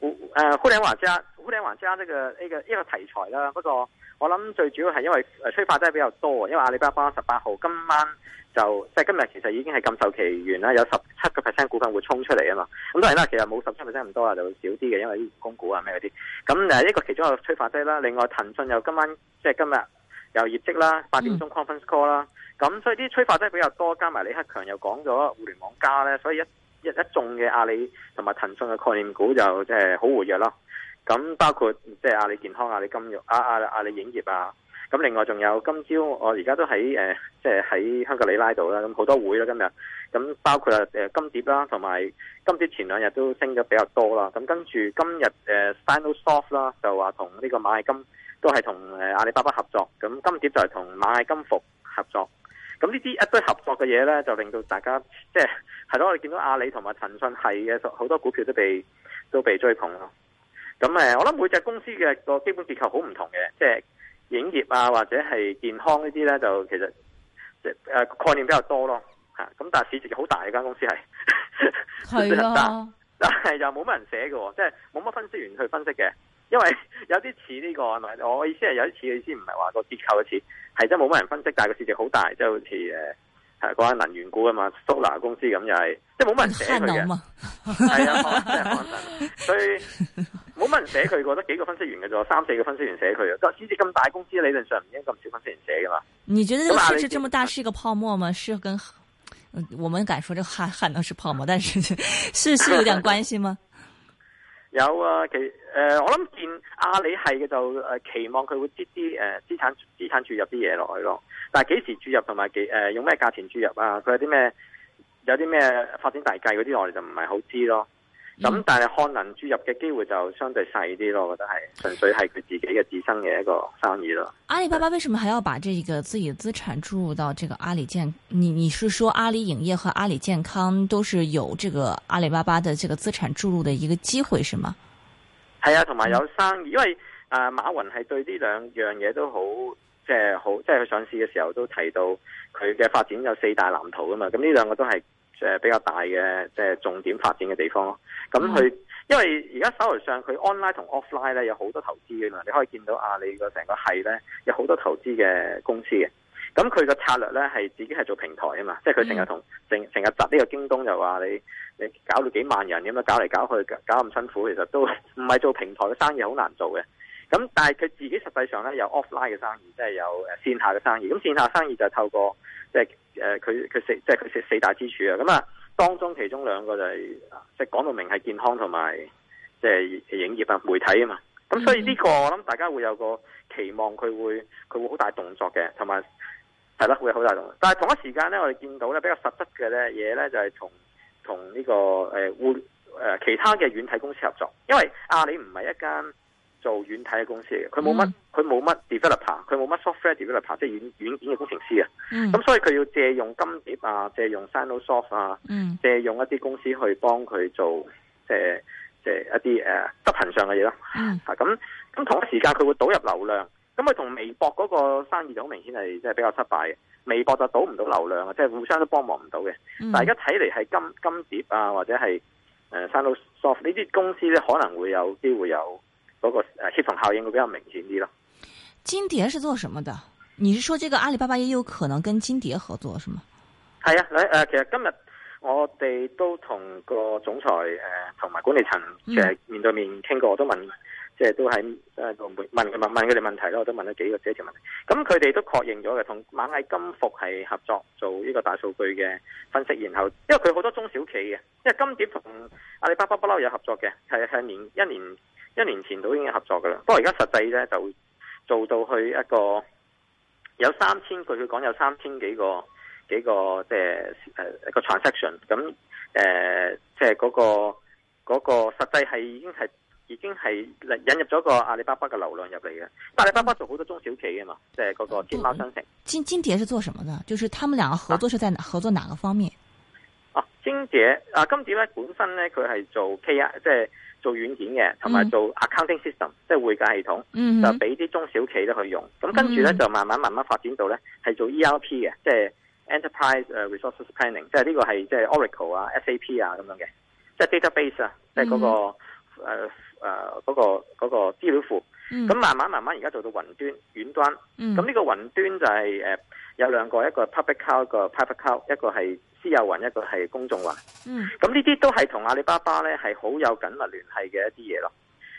誒互聯網加，互聯網加呢個呢，呢個呢，呢個題材啦，那個。不過我諗最主要係因為催化劑比較多，因為阿里巴巴十八號今晚就，即係今日其實已經係禁售期完啦，有十七個 percent 股份會衝出嚟啊嘛。咁當然啦，其實冇十七 percent 咁多啦，就會少啲嘅，因為啲公股啊咩嗰啲。咁，那，呢個其中一個催化劑啦。另外騰訊又今晚即係今日有業績啦，八點鐘 conference call 啦、嗯。咁所以啲催化劑比較多，加埋李克強又講咗互聯網加咧，所以一。一一眾嘅阿里同埋騰訊嘅概念股就即係好活躍咯，咁包括即係阿里健康、阿里金融、阿阿阿里影業啊，咁另外仲有今朝我而家都喺、呃、即係喺香格里拉度啦，咁好多會啦今日，咁包括啊金蝶啦，同埋金蝶前兩日都升咗比較多啦，咁跟住今日誒 Finalsoft 啦就話同呢個螞蟻金都係同阿里巴巴合作，咁金蝶就係同螞蟻金服合作。咁呢啲一堆合作嘅嘢咧，就令到大家即係係咯。我哋見到阿里同埋騰訊係嘅好多股票都被都被追捧咯。咁誒，我諗每隻公司嘅個基本結構好唔同嘅，即係影業啊，或者係健康呢啲咧，就其實誒概念比較多咯嚇。咁但係市值好大嘅間公司係係咯，的 但係又冇乜人寫嘅，即係冇乜分析員去分析嘅。因為有啲似呢個，我意思係有啲似，意思唔係話個結構似，係真冇乜人分析，但係個市值好大，即係好似誒，嗰間能源股啊嘛，Solar 公司咁又係，即係冇乜人寫佢嘅，係能 啊， 所以冇乜人寫佢，覺得幾個分析員嘅啫，三四個分析員寫佢但個市值咁大，公司理論上唔應該咁少分析員寫噶嘛。你覺得個市值這麼大是一個泡沫嗎？是跟我們敢說這漢漢能是泡沫，但是是是有點關係嗎？ 有啊，其誒、呃、我諗見阿里係嘅就誒、呃、期望佢會跌啲誒資產資產注入啲嘢落去咯，但係幾時注入同埋幾、呃、用咩價錢注入啊？佢有啲咩有啲咩發展大計嗰啲，我哋就唔係好知咯。咁、嗯、但係可能注入嘅機會就相對細啲咯，我覺得係純粹係佢自己嘅自身嘅一個生意咯。阿里巴巴為什麼還要把這個自己資產注入到這個阿里健？你你是說阿里影業和阿里健康都是有這個阿里巴巴的這個資產注入的一個機會是嗎？係啊，同埋有生意，因為啊、呃、馬雲係對呢兩樣嘢都好，即係好，即係佢上市嘅時候都提到佢嘅發展有四大藍圖啊嘛，咁呢兩個都係。誒比較大嘅，即係重點發展嘅地方咯。咁佢，嗯、因為而家手頭上佢 online 同 offline 咧有好多投資嘅嘛，你可以見到阿里個成個係咧有好多投資嘅公司嘅。咁佢個策略咧係自己係做平台啊嘛，即係佢成日同成成日窒呢個京東就話你你搞到幾萬人咁樣搞嚟搞去搞咁辛苦，其實都唔係做平台嘅生意好難做嘅。咁但係佢自己實際上咧有 offline 嘅生意，即係有誒線下嘅生意。咁線下生意就係透過。即係誒，佢佢四即係佢四四大支柱啊。咁啊，當中其中兩個就係即係講到明係健康同埋即係影業啊、媒體啊嘛。咁所以呢個我諗大家會有個期望，佢會佢會好大動作嘅，同埋係咯會好大動作。但係同一時間咧，我哋見到咧比較實質嘅咧嘢咧，就係、是、同同呢、這個誒誒、呃、其他嘅軟體公司合作，因為阿里唔係一間。做軟體嘅公司嚟嘅，佢冇乜佢冇乜 developer，佢冇乜 software developer，即係軟軟件嘅工程師啊。咁、嗯、所以佢要借用金碟啊，借用 Sinosoft 啊，嗯、借用一啲公司去幫佢做即係一啲誒、啊、執行上嘅嘢咯。咁咁、嗯啊、同一時間佢會導入流量，咁佢同微博嗰個生意就好明顯係即係比較失敗嘅。微博就導唔到流量啊，即、就、係、是、互相都幫忙唔到嘅。嗯、但係而家睇嚟係金金碟啊，或者係誒 Sinosoft 呢啲公司咧，可能會有機會有。嗰個誒協同效應會比較明顯啲咯。金蝶是做什麼的？你是說這個阿里巴巴也有可能跟金蝶合作，是嗎？係啊，嗱、呃、誒，其實今日我哋都同個總裁誒同埋管理層其實面對面傾過，嗯、我都問即係、就是、都喺誒、呃、問問問佢哋問題咯，我都問咗幾個幾條問題。咁佢哋都確認咗嘅，同螞蟻金服係合作做呢個大數據嘅分析，然後因為佢好多中小企嘅，因為金蝶同阿里巴巴不嬲有合作嘅，係係年一年。一年一年前都已經合作噶啦，不過而家實際咧就做到去一個有三千句佢講有三千幾個幾個即係誒一個 transaction 咁誒即、呃、係嗰、就是那個嗰、那個實際係已經係已經係引入咗個阿里巴巴嘅流量入嚟嘅。但阿里巴巴做好多中小企啊嘛，即係嗰個天貓商城。金金蝶是做什麼呢？就是他們兩個合作是在合作哪個方面？哦，金蝶啊，金蝶咧、啊、本身咧佢係做 K I 即係。做軟件嘅，同埋做 accounting system，即係會計系統，就俾啲中小企都去用。咁跟住咧就慢慢慢慢發展到咧係做 ERP 嘅，即係 enterprise 誒 resources planning，即係呢個係即係 Oracle 啊、SAP 啊咁樣嘅，即係 database 啊，即係嗰個誒誒嗰個嗰個資料庫。咁慢慢慢慢而家做到雲端、遠端。咁呢個雲端就係誒有兩個，一個 public cloud，一個 private cloud，一個係，私有雲一個係公眾雲，咁呢啲都係同阿里巴巴咧係好有緊密聯繫嘅一啲嘢咯。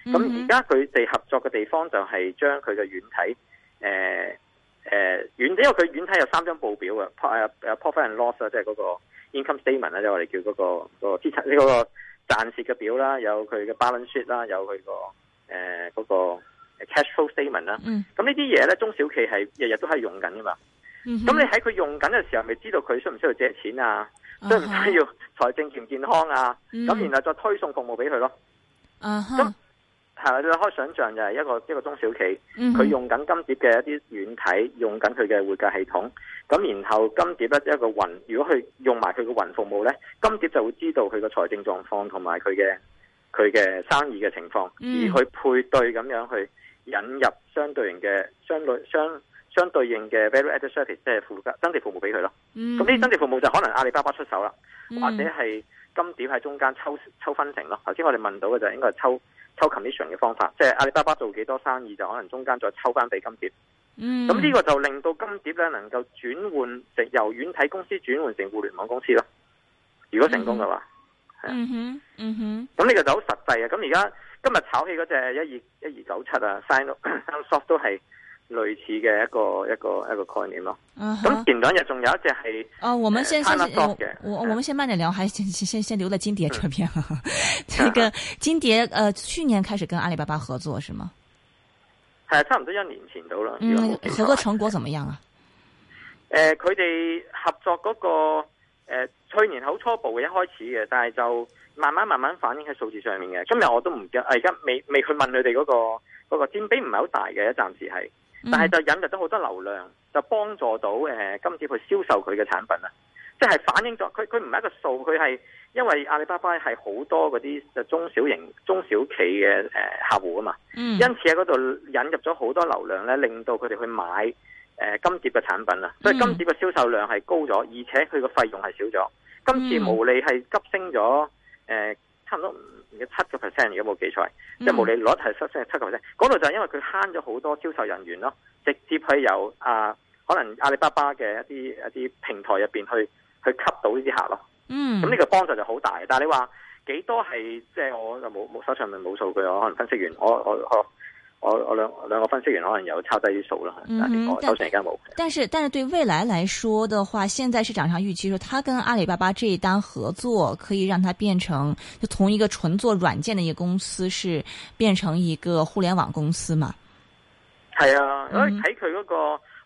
咁而家佢哋合作嘅地方就係將佢嘅軟體，誒誒軟，因為佢軟體有三張報表嘅，pro 誒 profit and loss 啊，即係嗰個 income statement 啊、那個，即係我哋叫嗰個嗰個資產呢個暫時嘅表啦，有佢嘅 balance sheet 啦、那個，有、呃、佢、那個誒個 cash flow statement 啦。咁呢啲嘢咧，中小企係日日都係用緊噶嘛。咁、嗯、你喺佢用緊嘅時候，咪知道佢需唔需要借錢啊？需唔、uh huh. 需要財政健唔健康啊？咁、uh huh. 然後再推送服務俾佢咯。咁係咪你可以想象就係一個一個中小企，佢用緊金蝶嘅一啲軟體，用緊佢嘅會計系統。咁然後金蝶咧一個雲，如果佢用埋佢嘅雲服務呢，金蝶就會知道佢嘅財政狀況同埋佢嘅佢嘅生意嘅情況，uh huh. 而去配對咁樣去引入相對型嘅相對相。相相對應嘅 value-added service，即係附加增值服務俾佢咯。咁啲增值服務就可能阿里巴巴出手啦，mm hmm. 或者係金蝶喺中間抽抽分成咯。頭先我哋問到嘅就應該係抽抽 commission 嘅方法，即係阿里巴巴做幾多生意就可能中間再抽翻俾金蝶。咁呢、mm hmm. 個就令到金蝶咧能夠轉換成由軟體公司轉換成互聯網公司咯。如果成功嘅話，嗯哼，咁呢個就好實際嘅。咁而家今日炒起嗰隻一二一二九七啊，sign up soft 都係。類似嘅一個一個一個概念咯。咁、uh huh. 前兩日仲有一隻係啊，我們先先我我我們先慢啲聊，uh huh. 先先先留到金蝶這邊。Uh huh. 這個金蝶，誒、呃，去年開始跟阿里巴巴合作，是嗎？係差唔多一年前到啦。嗯，個合作成果怎麼樣啊？誒、呃，佢哋合作嗰、那個誒、呃，去年好初步嘅，一開始嘅，但係就慢慢慢慢反映喺數字上面嘅。今日我都唔記得、啊，而家未未去問佢哋嗰個嗰、那個佔比唔係好大嘅，暫時係。但係就引入咗好多流量，就幫助到誒金蝶去銷售佢嘅產品啦，即係反映咗佢佢唔係一個數，佢係因為阿里巴巴係好多嗰啲誒中小型中小企嘅誒、呃、客戶啊嘛，嗯、因此喺嗰度引入咗好多流量咧，令到佢哋去買誒、呃、金蝶嘅產品啦，所以金蝶嘅銷售量係高咗，而且佢個費用係少咗，今次毛利係急升咗，誒、呃、差唔多。而七個 percent 有冇記錯？即係無理攞。係七個 percent，嗰度就因為佢慳咗好多銷售人員咯，直接係由啊可能阿里巴巴嘅一啲一啲平台入邊去去吸到呢啲客咯。嗯，咁呢個幫助就好大。但係你話幾多係，即係我就冇冇手上冇數據，我可能分析完我我。我我我我兩兩個分析員可能有抄低啲數啦，嗯、哼但係我收成而家冇。但是但是對未來來說的話，現在市場上預期說，他跟阿里巴巴這一單合作，可以讓它變成就同一個純做軟件的一個公司，是變成一個互聯網公司嘛？係啊，因睇佢嗰個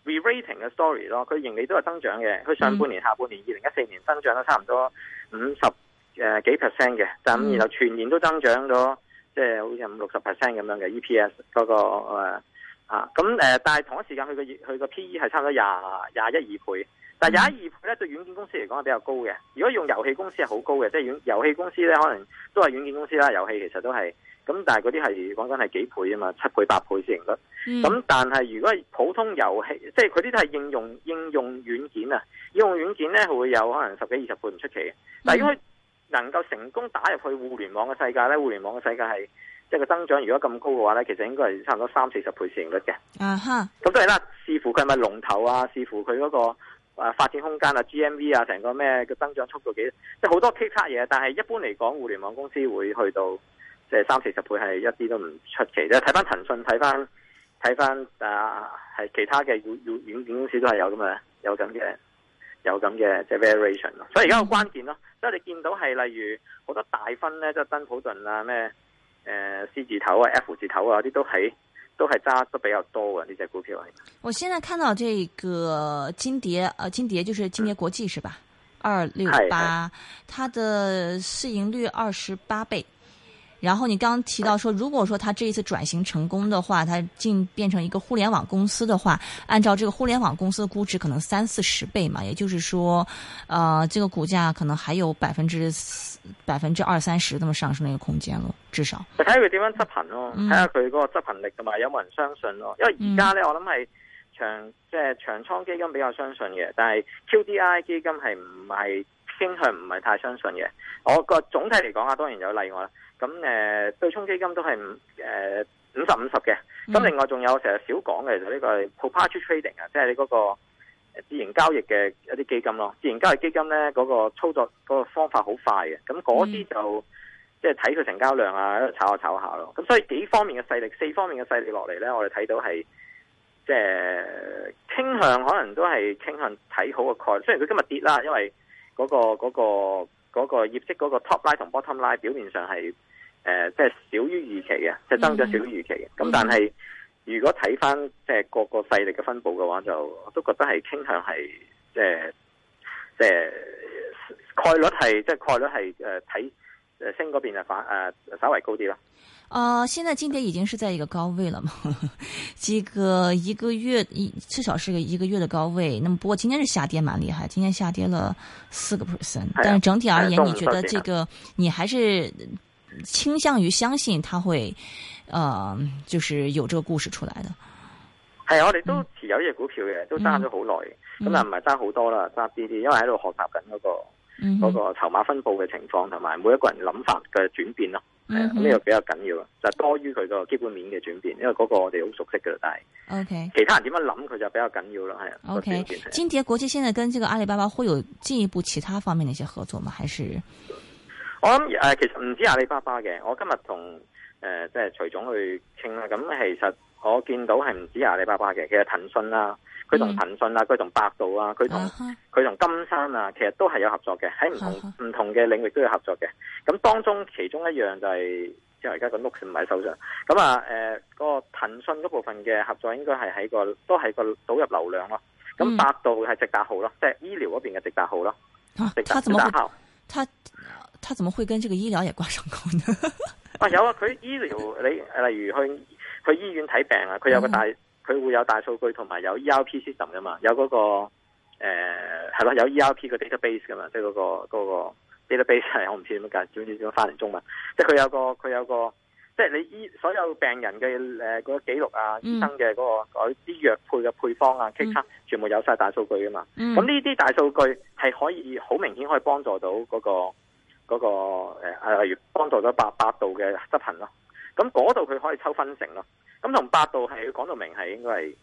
re-rating 嘅 story 咯，佢盈利都係增長嘅。佢上半年、下半年二零一四年增長得差唔多五十誒幾 percent 嘅，但、嗯、然後全年都增長咗。即係好似五六十 percent 咁樣嘅 EPS 嗰、那個誒咁誒，但係同一時間佢個佢個 PE 係差唔多廿廿一二倍，但係廿一二倍咧對軟件公司嚟講係比較高嘅。如果用遊戲公司係好高嘅，即係軟遊戲公司咧，可能都係軟件公司啦。遊戲其實都係，咁但係嗰啲係講緊係幾倍啊嘛，七倍八倍市盈率。咁、嗯、但係如果係普通遊戲，即係佢啲都係應用應用軟件啊，應用軟件咧佢會有可能十幾二十倍唔出奇嘅。但係因為能夠成功打入去互聯網嘅世界咧，互聯網嘅世界係即係個增長，就是，如果咁高嘅話咧，其實應該係差唔多三四十倍市盈率嘅。啊哈，uh，咁、huh. 都係啦，視乎佢係咪龍頭啊，視乎佢嗰個啊發展空間啊、G M V 啊、成個咩嘅增長速度是幾，即係好多棘測嘢。但係一般嚟講，互聯網公司會去到即係三四十倍係一啲都唔出奇。即係睇翻騰訊，睇翻睇翻啊，係其他嘅軟件公司都係有咁嘅，有咁嘅，有咁嘅即係 variation 咯。所以而家好關鍵咯。你哋見到係例如好多大分咧，即係鄧普頓啊咩，誒 C 字頭啊 F 字頭啊啲都係，都係揸得比較多嘅呢隻股票。我現在看到這個金蝶，呃、啊、金蝶就是金蝶國際是吧？二六八，它的市盈率二十八倍。然後你剛，剛提到說，如果說他這一次轉型成功的話，他進變成一個互聯網公司的話，按照這個互聯網公司的估值可能三四十倍嘛，也就是說，呃，這個股價可能還有百分之四百分之二三十這麼上升的一個空間咯，至少。睇下佢點樣執行咯，睇下佢個執行力同埋有冇人相信咯？因為而家呢，嗯、我諗係長即係、就是、長倉基金比較相信嘅，但係 QDII 基金係唔係？傾向唔係太相信嘅，我個總體嚟講啊，當然有例外啦。咁誒、呃，對沖基金都係誒、呃、五十五十嘅。咁、嗯、另外仲有成日少講嘅就呢個 proprietary trading 啊，即係嗰、那個自營交易嘅一啲基金咯。自營交易基金咧，嗰、那個操作嗰個方法好快嘅。咁嗰啲就、嗯、即係睇佢成交量啊，炒下炒下咯。咁所以幾方面嘅勢力，四方面嘅勢力落嚟咧，我哋睇到係即係傾向，可能都係傾向睇好個概率。雖然佢今日跌啦，因為。嗰個嗰個嗰個業績嗰個 top line 同 bottom line 表面上係誒即係少於預期嘅，即係增長少於預期嘅。咁但係如果睇翻即係個個勢力嘅分佈嘅話，就我都覺得係傾向係即係即係概率係即係概率係睇、呃、升嗰邊係反、呃、稍微高啲啦。呃，現在今天已經是在一個高位了嘛？這個一個月，一至少是個一個月的高位。那麼，不過今天是下跌蠻厲害，今天下跌了四個 percent。是啊、但是整體而言，啊、你覺得這個你還是傾向於相信它會呃，就是有這個故事出來的？係、啊，我哋都持有一隻股票嘅，嗯、都揸咗好耐，咁啊唔係揸好多啦，揸啲啲，因為喺度學習緊、那、嗰個。嗰、嗯、個籌碼分佈嘅情況同埋每一個人諗法嘅轉變咯，咁呢個比較緊要啦，就係、多於佢個基本面嘅轉變，因為嗰個我哋好熟悉噶啦，但係，OK，其他人點樣諗佢就比較緊要啦，係啊，OK，, 是 okay 金蝶國際現在跟這個阿里巴巴會有進一步其他方面的一些合作嗎？還是我諗誒、呃，其實唔止阿里巴巴嘅，我今日同誒即係徐總去傾啦，咁、嗯、其實我見到係唔止阿里巴巴嘅，其實騰訊啦。佢同、嗯、騰訊啊，佢同百度啊，佢同佢同金山啊，其實都係有合作嘅，喺唔同唔、uh huh. 同嘅領域都有合作嘅。咁當中其中一樣就係即係而家個 Nook 唔喺手上。咁啊誒，呃那個騰訊嗰部分嘅合作應該係喺個都係個導入流量咯、啊。咁百度係直達號咯，uh huh. 即係醫療嗰邊嘅直達號咯。直達，直達號。啊，他怎麼會他他怎麼會跟這個醫療也掛上勾呢？ 啊有啊，佢醫療你例如去去醫院睇病啊，佢有個大。Uh huh. 佢會有大數據同埋有，有 ERP system 噶嘛，有嗰個誒係咯，有 ERP 嘅 database 噶嘛，即係嗰個嗰個 database 係我唔知點解，總之點樣翻嚟中文。即係佢有個佢有個，即係你醫所有病人嘅誒嗰記錄啊，醫生嘅嗰啲藥配嘅配方啊，case 全部有晒大數據噶嘛。咁呢啲大數據係可以好明顯可以幫助到嗰個嗰個、呃、例如幫助到八百度嘅執行咯、啊。咁嗰度佢可以抽分成咯，咁同百度係講到明係應該係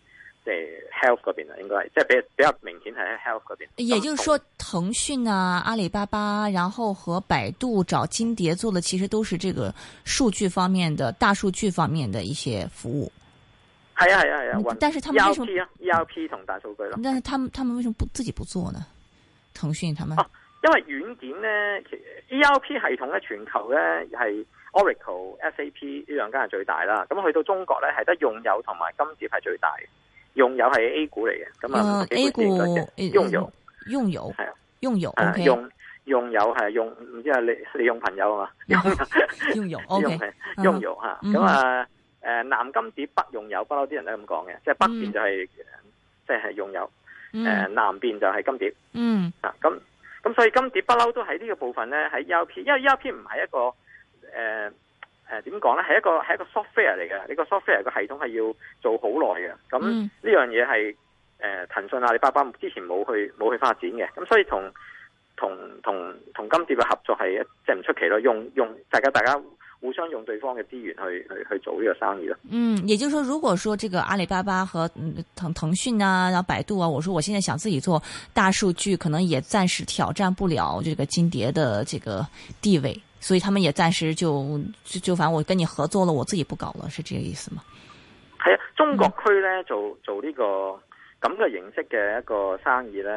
即係 health 嗰邊啊，應該係即係比比較明顯係喺 health 嗰邊。也就是說，騰訊啊、阿里巴巴，然後和百度找金蝶做的，其實都是這個數據方面的、大數據方面的一些服務。係啊係啊係啊，啊啊但係、ERP 啊 ERP，他們為什麼 ERP 同大數據咯？但是他們他們為什麼不自己不做呢？騰訊他們。啊因為軟件咧，E R P 系統咧，全球咧係 Oracle、S A P 呢兩間係最大啦。咁去到中國咧，係得用友同埋金蝶係最大。用友係 A 股嚟嘅，咁啊、uh, A 股用友，用友係啊，用友啊，用用友係用，唔知係利利用朋友啊嘛？用友，O K，用友吓，咁啊，誒，南金蝶北用友，不嬲啲人都咁講嘅，uh huh. 即係北邊就係即係用友，誒、就是，uh huh. 南邊就係金蝶，嗯、uh，咁、huh. 啊。咁所以金蝶不嬲都喺呢個部分呢，喺 ERP，、ER、因為 ERP、ER、唔係一個誒誒點講呢，係、呃呃、一個係一個 software 嚟嘅，呢、呢個 software 個系統係要做好耐嘅。咁呢樣嘢係誒騰訊阿里巴巴之前冇去冇去發展嘅，咁所以同同同同金蝶嘅合作係即係唔出奇咯，用用大家大家。互相用對方嘅資源去去去做呢個生意。嗯，也就是說，如果說這個阿里巴巴和騰騰訊啊，然後百度啊，我說，我現在想自己做大數據，可能也暫時挑戰不了這個金蝶的這個地位，所以他們也暫時就就就反正我跟你合作了，我自己不搞了，是這個意思嗎？係啊，中國區咧做做呢個咁嘅形式嘅一個生意咧，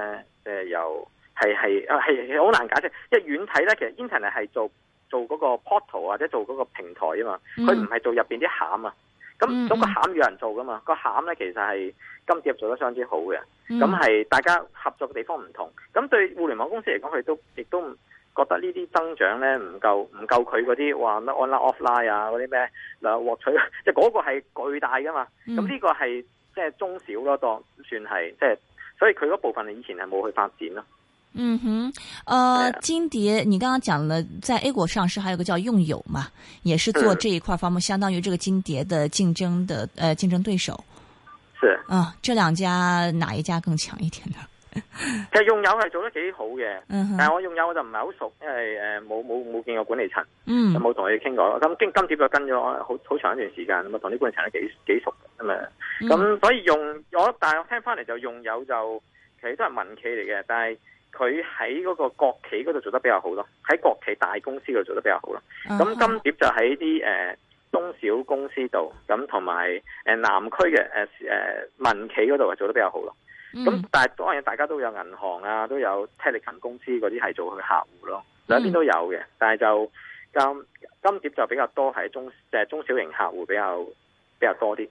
誒又係係啊係好難解釋，因為遠睇咧，其實 Internet 係做。做嗰個 portal 或者做嗰個平台啊嘛，佢唔係做入邊啲餡啊，咁嗰個餡有人做噶嘛，個餡咧其實係金蝶做得相當之好嘅，咁係大家合作嘅地方唔同，咁對互聯網公司嚟講佢都亦都唔覺得呢啲增長咧唔夠唔夠佢嗰啲話 online offline 啊嗰啲咩嗱獲取，即係嗰個係巨大噶嘛，咁呢個係即係中小咯，當算係即係，所以佢嗰部分以前係冇去發展咯。嗯哼，呃，嗯、金蝶，你剛剛講了在 A 股上市，還有個叫用友嘛，也是做這一塊方面是相當於這個金蝶的競爭的呃競爭對手。是啊，這兩家哪一家更強一點呢？其實用友係做得幾好嘅，嗯、哼但係我用友我就唔係好熟，因為誒冇冇冇見過管理層，嗯，冇同佢哋傾過。咁金金蝶就跟咗好好長一段時間，咁啊同啲管理層都幾幾熟的，咁、嗯、啊、咁、嗯、所以用我，但我聽翻嚟就用友就其實都係民企嚟嘅，但係。佢喺嗰個國企嗰度做得比較好咯，喺國企大公司嗰度做得比較好咯。咁、uh huh. 金蝶就喺啲誒中小公司度，咁同埋誒南區嘅誒誒民企嗰度啊做得比較好咯。咁、mm hmm. 但係當然大家都有銀行啊，都有 telecom 公司嗰啲係做佢客戶咯，兩邊都有嘅。Mm hmm. 但係就金、嗯、金蝶就比較多喺中即係、就是、中小型客戶比較比較多啲。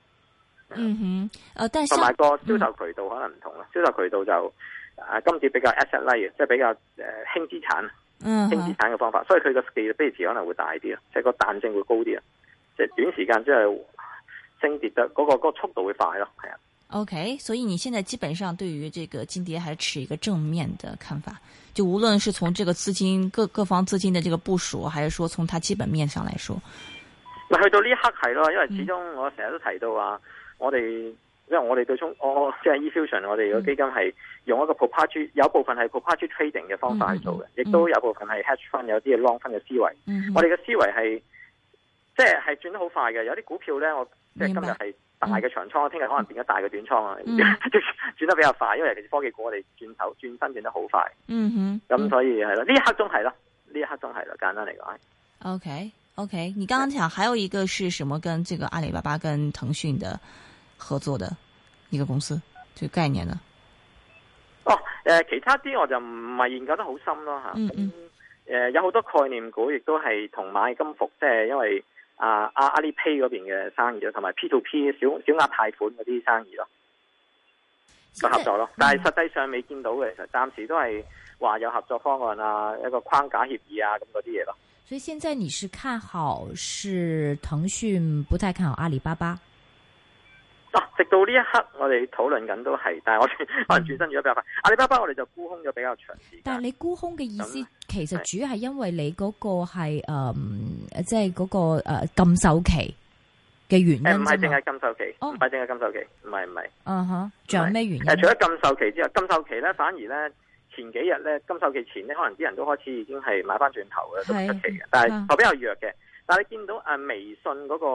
嗯哼、uh，同、huh. 埋、oh, 個銷售渠道可能唔同啦，mm hmm. 銷售渠道就。啊，金蝶比較 asset-like 嘅，即係比較誒輕資產，輕資、嗯、哼產嘅方法，所以佢個嘅 basis 可能會大啲咯，即、就、係、是、個彈性會高啲啊，即、就、係、是、短時間即係升跌嘅、嗰、那個、那個速度會快咯，係啊。OK，所以你現在基本上對於這個金蝶，還持一個正面的看法，就無論是從這個資金各各方資金的這個部署，還是說從它基本面上來說，咪去到呢一刻係咯，因為始終我成日都提到話我哋。嗯因為我哋最終，oh, e、usion, 我即係 e-fusion，我哋個基金係用一個 property，有部分係 property trading 嘅方法去做嘅，亦都有部分係 hedge fund，有啲 long fund 嘅思維。嗯、哼我哋嘅思維係即係係轉得好快嘅，有啲股票咧，我即係今日係大嘅長倉，聽日、嗯、可能變咗大嘅短倉啊，轉、嗯、 得比較快。因為其實科技股我哋轉頭轉身轉得好快。嗯咁哼所以係咯，呢一刻鐘係咯，呢一刻鐘係咯，簡單嚟講。OK OK，你剛剛講還有一個是什麼？跟這個阿里巴巴跟騰訊的合作的？呢個公司，就是、概念的。哦，誒、呃，其他啲我就唔係研究得好深咯吓、嗯。嗯誒、呃，有好多概念股都是亦都係同螞蟻金服，即、就、係、是、因為阿阿阿里 Pay 嗰邊嘅生意咯，同埋 P to P 小小額貸款嗰啲生意咯，有在合作咯。嗯、但係實際上未見到嘅，其實暫時都係話有合作方案啊，一個框架協議啊咁嗰啲嘢咯。所以現在你是看好，是騰訊，不太看好阿里巴巴。直到呢一刻，我哋討論緊都係，但係我哋可能轉身咗比較快，阿里巴巴，我哋就沽空咗比較長時間。但係你沽空嘅意思，其實主要係因為你嗰個係即係嗰個禁售期嘅原因。唔係淨係禁售期，唔係淨係禁售期，唔係唔係。嗯哼，仲有咩、uh huh，原因？除咗禁售期之後，禁售期咧，反而咧前幾日咧，禁售期前咧，可能啲人都開始已經係買翻轉頭嘅，的都得嘅，但係比較弱嘅。啊。但係你見到誒，微信嗰、嗰個、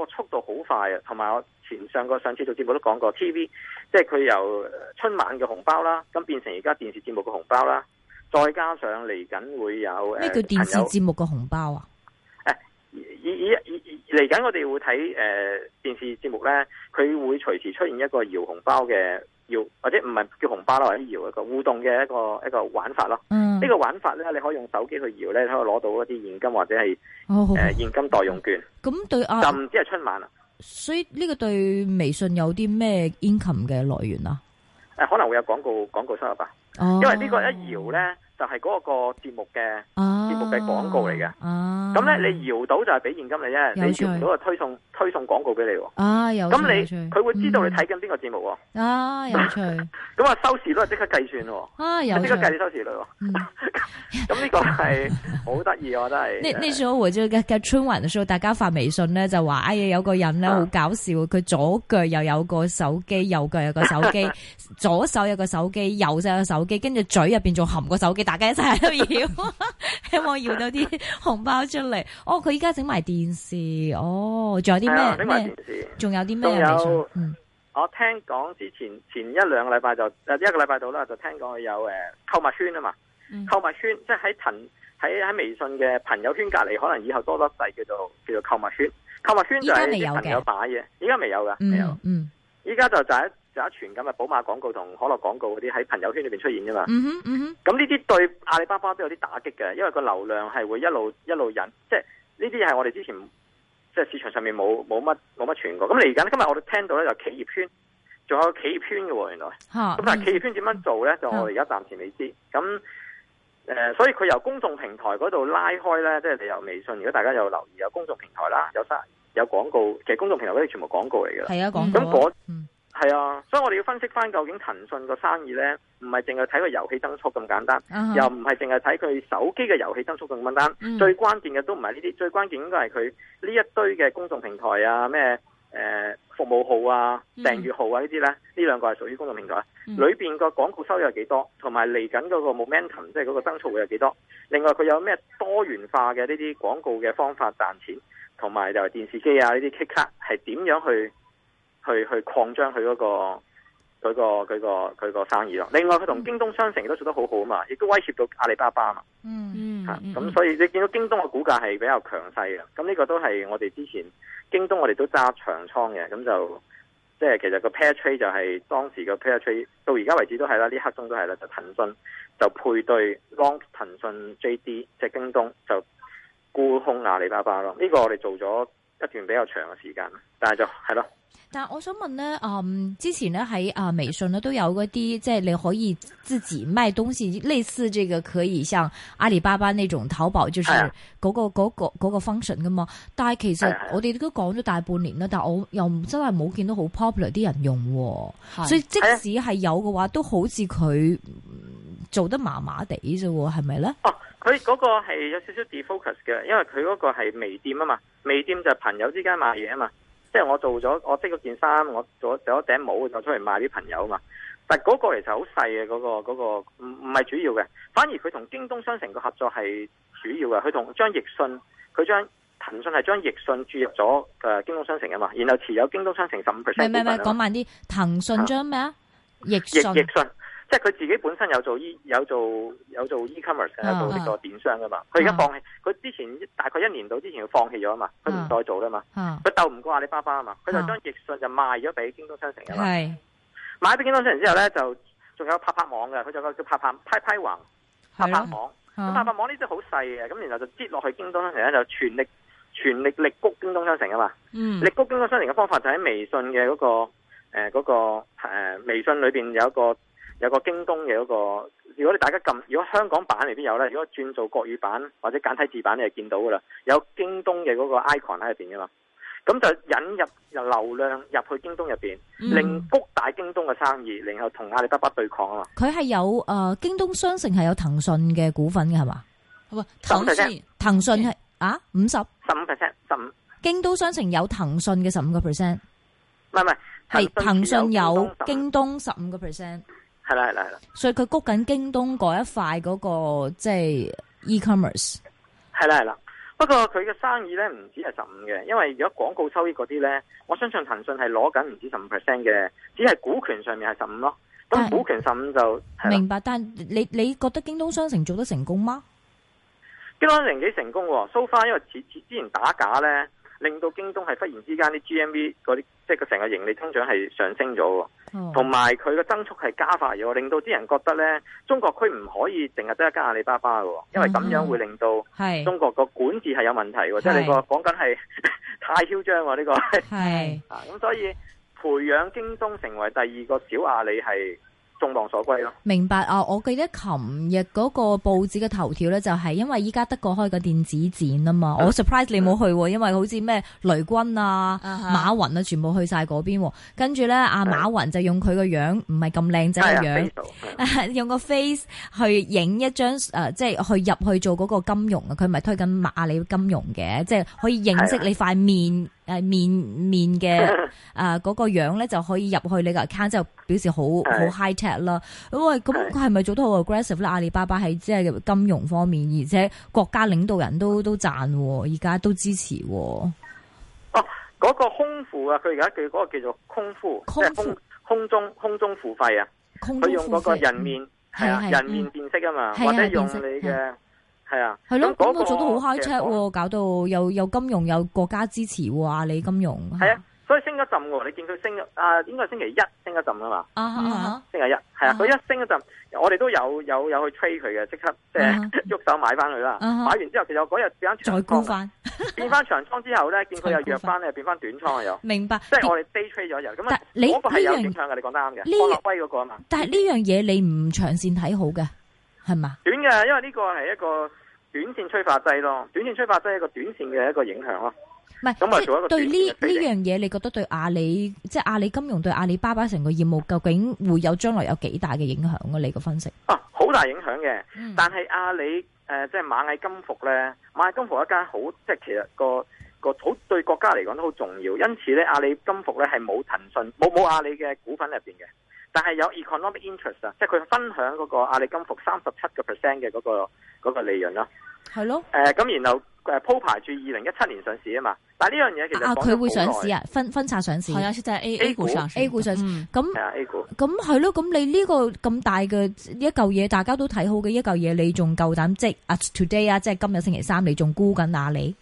嗰個速度好快啊，同埋我前上個上次做節目都講過，TV 即係佢由春晚嘅紅包啦，咁變成而家電視節目嘅紅包啦，再加上嚟緊會有咩叫電視節目嘅紅包啊？誒、呃，以以以嚟緊我哋會睇誒、呃、電視節目咧，佢會隨時出現一個搖紅包嘅。搖或者唔係叫紅包啦，或者搖一個互動嘅一個一個玩法咯。嗯，呢個玩法咧，你可以用手機去搖咧，你可以攞到一啲現金或者係誒現金代用券。咁、哦、對啊，就唔止係春晚啊。所以呢個對微信有啲咩 income 嘅來源啊？誒，可能會有廣告廣告收入吧。哦，因為呢個一搖咧。.就係嗰一個節目嘅節目嘅廣告嚟嘅，咁咧你搖到就係俾現金你啫，你搖唔到就推送推送廣告俾你。咁你佢會知道你睇緊邊個節目。咁啊收視率即刻計算。咁呢個係好得意，我真係。呢呢朝回咗嘅嘅春運，所以大家發微信咧就話：哎呀，有個人咧好搞笑，佢左腳又有個手機，右腳有個手機，左手有個手機，右手有個手機，跟住嘴入邊仲含個手機。大家一齊都要，希望搖到啲紅包出嚟。哦，佢依家整埋電視，哦，仲有啲咩電視？仲、啊、有啲咩？仲有，我聽講之前前一兩個禮拜就誒一個禮拜度啦，就聽講佢有誒購物圈啊嘛。嗯，購物圈、嗯、物圈即係喺騰喺喺微信嘅朋友圈隔籬，可能以後多得滯叫做叫做購物圈。購物圈就係啲朋友擺嘅，依家、嗯、未有噶。嗯嗯，依家就就是。有一傳咁嘅寶馬廣告同可樂廣告嗰啲喺朋友圈裏邊出現啫嘛。咁呢啲對阿里巴巴都有啲打擊嘅，因為個流量係會一路一路引，即係呢啲係我哋之前即係、就是、市場上面冇冇乜冇乜傳過。咁嚟緊今日我哋聽到咧就企業圈，仲有企業圈嘅喎、哦、原來。咁哈但係企業圈點樣做咧？嗯、就我而家暫時未知。咁誒、嗯呃，所以佢由公眾平台嗰度拉開咧，即係你由微信。如果大家有留意，有公眾平台啦，有有有廣告，其實公眾平台嗰啲全部廣告嚟嘅。係啊，廣告。咁係啊，所以我哋要分析翻究竟騰訊個生意呢，唔係淨係睇個遊戲增速咁簡單，uh huh. 又唔係淨係睇佢手機嘅遊戲增速咁簡單。Uh huh. 最關鍵嘅都唔係呢啲，最關鍵應該係佢呢一堆嘅公眾平台啊，咩誒、呃、服務號啊、訂閱號啊呢啲呢，呢兩、uh huh. 個係屬於公眾平台。Uh huh. 裏邊個廣告收入有幾多，同埋嚟緊嗰個 momentum，即係嗰個增速會有幾多？另外佢有咩多元化嘅呢啲廣告嘅方法賺錢，同埋就係電視機啊呢啲 K 卡係點樣去？去去擴張佢嗰、那個佢個佢個佢生意咯。另外佢同京東商城都做得好好啊嘛，亦都威脅到阿里巴巴啊嘛。嗯嗯，咁是、嗯、所以你見到京東嘅股價係比較強勢嘅。咁呢個都係我哋之前京東我哋都揸長倉嘅。咁就即係、就是、其實個 pair trade 就係、是、當時嘅 pair trade 到而家為止都係啦，呢一刻鐘都係啦，就騰訊就配對 long 騰訊 JD 即係京東就沽空阿里巴巴咯。呢、這個我哋做咗一段比較長嘅時間，但係就係咯。但係我想問咧，嗯，之前咧喺啊微信咧都有嗰啲即係你可以自己賣東西，類似這個可以像阿里巴巴呢種淘寶，就是嗰、那個嗰、啊那個嗰、那個 function 噶、那個、嘛。但係其實我哋都講咗大半年啦，啊、但係我又真係冇見到好 popular 啲人用，啊，是所以即使係有嘅話，啊、都好似佢做得麻麻地啫，係咪咧？哦，佢嗰個係有少少 defocus 嘅，因為佢嗰個係微店啊嘛，微店就係朋友之間賣嘢啊嘛。即係我做咗，我織嗰件衫，我做咗一頂帽就出嚟賣啲朋友啊嘛。但係嗰個其實好細嘅，嗰、嗰個、嗰個唔唔係主要嘅。反而佢同京東商城嘅合作係主要嘅。佢同將易迅，佢將騰訊係將易迅注入咗誒、呃、京東商城啊嘛。然後持有京東商城十五 percent。唔唔唔，講慢啲。騰訊將咩啊？易易迅。即係佢自己本身有做 e 有做有做 e-commerce 有做呢個電商噶嘛佢而家放棄，佢、啊、之前大概一年度之前要放棄咗啊嘛，佢唔再做啦嘛，佢鬥唔過阿里巴巴啊嘛，佢就將易迅就賣咗俾京東商城噶嘛，啊、買咗京東商城之後咧就仲有拍拍網嘅。佢就個叫拍拍拍拍網，拍拍、啊、網這些很小的，咁拍拍網呢啲好細嘅，咁然後就接落去京東商城咧就全力全力力谷京東商城啊嘛，嗯、力谷京東商城嘅方法就喺微信嘅嗰、那個誒嗰、呃那個誒、呃、微信裏邊有一個。有個京東嘅嗰、那個，如果你大家撳，如果香港版裏邊有咧，如果轉做國語版或者簡體字版，你就見到噶啦。有京東嘅嗰個 icon 喺入邊噶嘛？咁就引入流量入去京東入邊，令谷大京東嘅生意，然後同阿里巴巴對抗啊嘛。佢係、嗯、有誒、呃，京東商城係有騰訊嘅股份嘅係嘛？唔係，十五 p 騰訊係啊，五十、十五 percent、十五。京東商城有騰訊嘅十五個 percent。唔係唔係，係騰訊有京東十五個 percent。係啦係啦係啦，所以佢谷緊京東嗰一塊嗰個即係 e-commerce，係啦係啦。不過佢嘅生意咧唔止係十五嘅，因為如果廣告收益嗰啲咧，我相信騰訊係攞緊唔止十五 percent 嘅，只係股權上面係十五咯。咁股權十五就明白。但係你你覺得京東商城做得成功嗎？京東商城幾成功？so far 因為前之前打假咧。令到京東係忽然之間啲 GMV 嗰啲，即係佢成個盈利通脹係上升咗，同埋佢個增速係加快咗，令到啲人覺得呢中國區唔可以淨係得一間阿里巴巴嘅，因為咁樣會令到中國個管治係有問題的，即係、嗯、哼你個講緊係太囂張喎呢個，係是啊咁所以培養京東成為第二個小阿里係。眾望所歸咯，明白啊！我記得琴日嗰個報紙嘅頭條咧，就係因為依家德國開個電子展啊嘛。對我 surprise 你冇去，啊，對因為好似咩雷軍啊、uh huh. 馬雲啊，全部去晒嗰邊。跟住咧，阿、啊、對馬雲就用佢個樣唔係咁靚仔嘅樣，啊、用個 face、啊、去影一張誒、呃，即係去入去做嗰個金融啊。佢咪推緊阿里金融嘅，即係可以認識你塊面。誒、呃，面面嘅啊，嗰、 呃那個樣咧就可以入去你個 account，就表示好好 high tech 啦。喂，咁佢係咪做得好 aggressive 咧？阿里巴巴喺即係金融方面，而且國家領導人都都讚、喔，而家都支持、喔。哦、啊，嗰、那個空付啊，佢而家佢嗰個叫做空付，空服空中空中付費啊。空中付費、啊。佢用嗰個人面，係啊，人面辨識啊嘛，的或者用你嘅。係啊，係咯，港股做得好 high check 搞到又金融有國家支持，阿里金融係啊，所以升一陣，你見佢升啊，應該星期一升一陣噶嘛，星期一係啊，佢一升一陣，我哋都有有有去 trade 佢嘅，即刻即係喐手買翻佢啦，買完之後其實嗰日變咗長倉翻，變翻長倉之後咧，見佢又弱翻咧，變翻短倉又，明白，即係我哋 day trade 咗一日，咁啊個係有影響嘅，你講得啱嘅，方立威嗰個啊嘛，但係呢樣嘢你唔長線睇好嘅。係嘛？是嗎，短嘅，因為呢個係一個短線催化劑咯，短線催化劑係一個短線嘅一個影響咯。唔係咁咪做一個短線對呢，呢樣嘢，你覺得對阿里，即、就、係、是、阿里金融對阿里巴巴成個業務，究竟會有將來有幾大嘅影響？我你嘅分析啊，好大影響嘅。嗯、但係阿里誒，即係螞蟻金服咧，螞蟻金服一間好，即係其實個個好對國家嚟講都好重要。因此咧，阿里金服咧係冇騰訊，冇冇阿里嘅股份入邊嘅。但係有 economic interest 是他、那個、啊，即係佢分享嗰個阿里金服三十七個 percent 嘅嗰個個利潤啦。係咯。誒、呃，咁然後誒鋪排住二零一七年上市啊嘛。但係呢樣嘢其實佢、啊啊、會上市啊，分分拆上市。係啊，即、就、係、是、A, A 股上 A 股上市。咁係啊咁係咯，咁你呢個咁大嘅一嚿嘢，大家都睇好嘅一嚿嘢，你仲夠膽即啊？Today 啊，即係今日星期三，你仲沽緊阿里？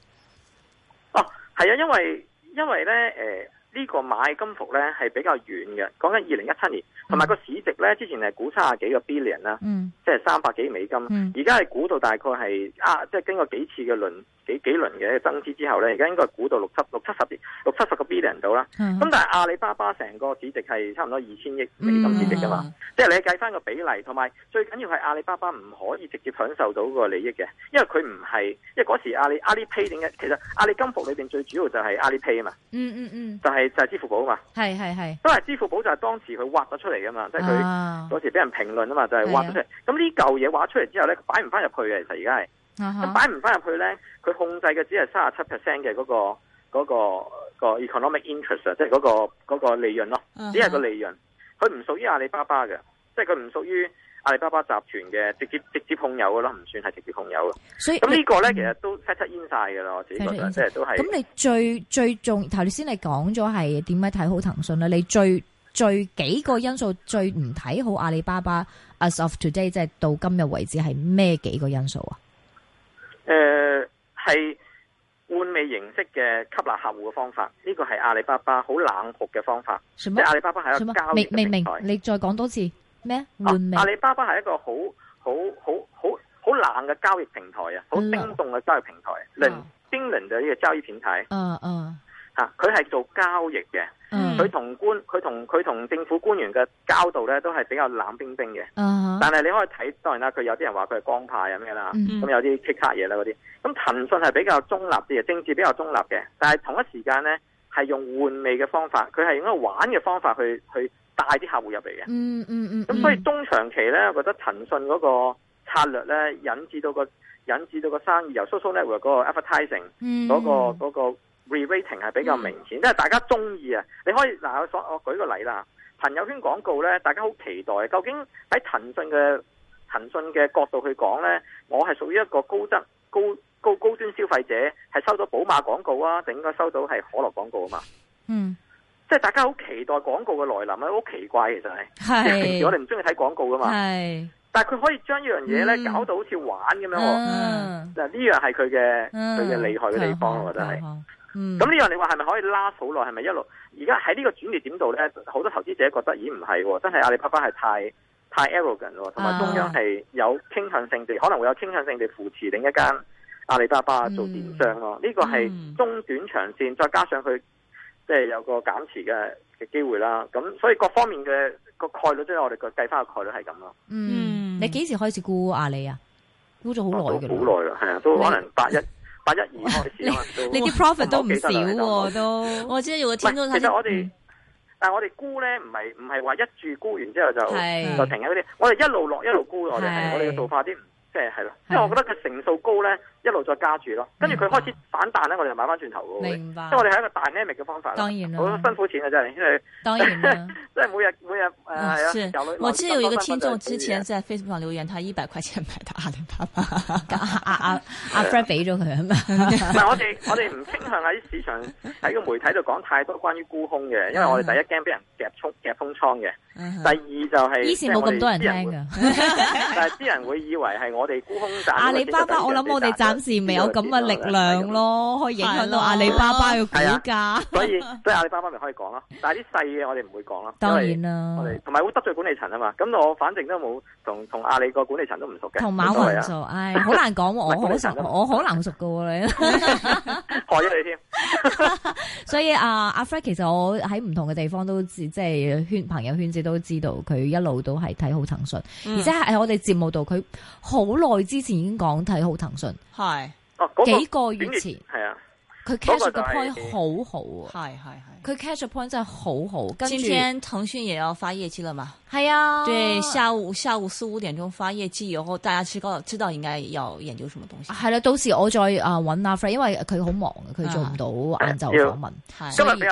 哦，係啊,啊，因為因為咧，誒、呃。呢個買金服咧係比較遠嘅，講緊二零一七年，同埋個市值咧之前係估卅幾個 billion 啦、嗯，即係三百幾億美金。而家係估到大概係啊，即係經過幾次嘅輪幾幾輪嘅增資之後咧，而家應該係估到六七六七十六七十個 billion 度啦。咁、嗯、但係阿里巴巴成個市值係差唔多二千億美金市值噶嘛，嗯、即係你計翻個比例，同埋最緊要係阿里巴巴唔可以直接享受到個利益嘅，因為佢唔係，因為嗰時阿里阿里 pay 點解？其實阿里金服裏面最主要就係阿里 pay 啊嘛，嗯嗯嗯，就係、嗯嗯就係支付寶啊嘛，係係係，都係支付寶就係當時佢挖咗出嚟噶嘛，即係佢嗰時俾人評論啊嘛，就係、是、挖咗出嚟。嚟、啊。咁呢嚿嘢挖咗出嚟之後咧，擺唔翻入去嘅，其實而家係，咁擺唔翻入去咧，佢控制嘅只係三十七 percent 嘅嗰個嗰、那個、economic interest，即係嗰個利潤咯，只係個利潤，佢唔、啊、哈屬於阿里巴巴嘅，即係佢唔屬於。阿里巴巴集團嘅直接直接控有噶咯，唔算係直接控有啊。不算是直接控有，所以咁呢個咧，嗯、其實都 factor in 晒噶啦。我自己覺得，atter 即係都係。咁你最最重頭先你講咗係點樣睇好騰訊咧？你最最幾個因素最唔睇好阿里巴巴？As of today，即係到今日為止係咩幾個因素啊？誒、呃，係換味形式嘅吸納客戶嘅方法，呢、這個係阿里巴巴好冷酷嘅方法。麼阿里巴巴喺度交明明明，你再講多次。咩、啊、阿里巴巴係一個好好好好好冷嘅交易平台啊，好冰凍嘅交易平台，零冰冷嘅呢個交易平台。嗯嗯、啊。吓、啊，佢係、啊、做交易嘅，佢同、嗯、官，佢同佢同政府官員嘅交道咧，都係比較冷冰冰嘅。啊、哈但係你可以睇，當然啦，佢有啲人話佢係光派咁嘅啦，咁、嗯、哼有啲即詐嘢啦嗰啲。咁騰訊係比較中立啲嘅，政治比較中立嘅，但係同一時間咧，係用換味嘅方法，佢係用一個玩嘅方法去去，帶啲客戶入嚟嘅，嗯嗯嗯，咁、嗯、所以中長期呢，我覺得騰訊嗰個策略呢、嗰個，引致到個引致到個生意由 social network 嗰個 advertising，嗰、嗰個嗰、嗯、個 re-rating 係比較明顯，即、嗯、因為大家中意啊，你可以嗱，我我舉個例啦，朋友圈廣告呢，大家好期待，究竟喺騰訊嘅騰訊嘅角度去講呢，我係屬於一個高質高，高高高端消費者，係收到寶馬廣告啊，定應該收到係可樂廣告啊嘛，嗯。即係大家好期待廣告嘅來臨咧，好奇怪其實係。係，平時我哋唔中意睇廣告噶嘛。係，但係佢可以將呢樣嘢咧搞到好似玩咁樣喎。嗯，嗱呢樣係佢嘅佢嘅厲害嘅地方，我覺得係。嗯，咁呢樣你話係咪可以 last 好耐？係咪一路？而家喺呢個轉捩點度咧，好多投資者覺得咦唔係喎，真係阿里巴巴係太太 arrogant 咯，同埋中央係有傾向性地可能會有傾向性地扶持另一間阿里巴巴做電商咯。呢個係中短長線，再加上佢。即係有個減持嘅嘅機會啦，咁所以各方面嘅個概率即係、就是、我哋個計翻嘅概率係咁咯。嗯，你幾時開始估阿里啊？估咗好耐嘅啦。好耐啦，係啊，都可能八一八一二開始啊。你你啲 profit 都唔少喎，都我知用天通。 其實我哋，但係我哋估咧，唔係唔係話一注估完之後就的就停啊嗰啲，嗯、我哋一路落一路估，的我哋我哋嘅做法啲，即係係咯，即係的我覺得佢成數高咧。一路再加住咯，跟住佢開始反彈咧，我哋就買翻轉頭喎。明白。即係我哋係一個 dynamic 嘅方法啦。當然啦。好辛苦錢嘅真係。當然啦。即係每日每日誒有。是我知有一個聽眾之前在 Facebook 上留言，他一百塊錢買到阿里巴巴。阿阿阿 friend 俾咗佢啊嘛。唔係我哋我哋唔傾向喺市場喺個媒體度講太多關於沽空嘅，因為我哋第一驚俾人夾沖夾空倉嘅，第二就係。以前冇咁多人聽㗎。但係啲人會以為係我哋沽空賺。阿里巴巴，我諗我哋賺，暫時未有咁嘅力量咯，可以影響到阿里巴巴嘅股價。所以吧，所以阿里巴巴咪可以講咯，但係啲細嘅我哋唔會講咯，當然啦、啊，我哋同埋會得罪管理層啊嘛。咁我反正都冇。同同阿里個管理層都唔熟嘅，同馬雲唔熟，唉，好難講，我好熟，我好難熟噶，你，害咗你添。所以啊，阿 Fred 其實我喺唔同嘅地方都知，即係圈朋友圈子都知道，佢一路都係睇好騰訊，而且係我哋節目度，佢好耐之前已經講睇好騰訊，係，哦，幾個月前，係啊。佢 cash 嘅 point 好好啊，係係係，佢、嗯、cash point 真係好好。嗯嗯、着今日騰訊也要發業績啦嘛？係啊，對，下午下午四五點鐘發業績，以後大家知知道應該要研究什麼東西。係啦、啊，到時我再啊搵阿 friend，因為佢好忙嘅，佢做唔到晏晝訪問。啊、所以今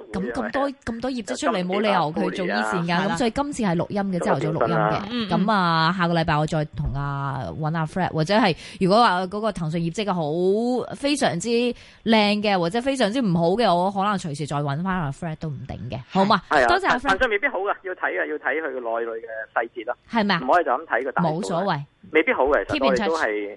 咁咁、嗯嗯嗯、多咁、嗯、多業績出嚟，冇理由佢做呢線㗎。咁、啊、了所以今次係錄音嘅，朝頭早錄音嘅。咁、嗯嗯、啊，下個禮拜我再同阿揾阿 Fred，或者係如果話嗰個騰訊業績好非常之靚嘅，或者非常之唔好嘅，我可能隨時再揾翻阿 Fred 都唔定嘅。好嘛，是多謝阿、啊 Fred。騰訊未必好㗎，要睇嘅，要睇佢個內裏嘅細節啦係咪？唔可以就咁睇個冇所謂。未必好嘅，實在都係。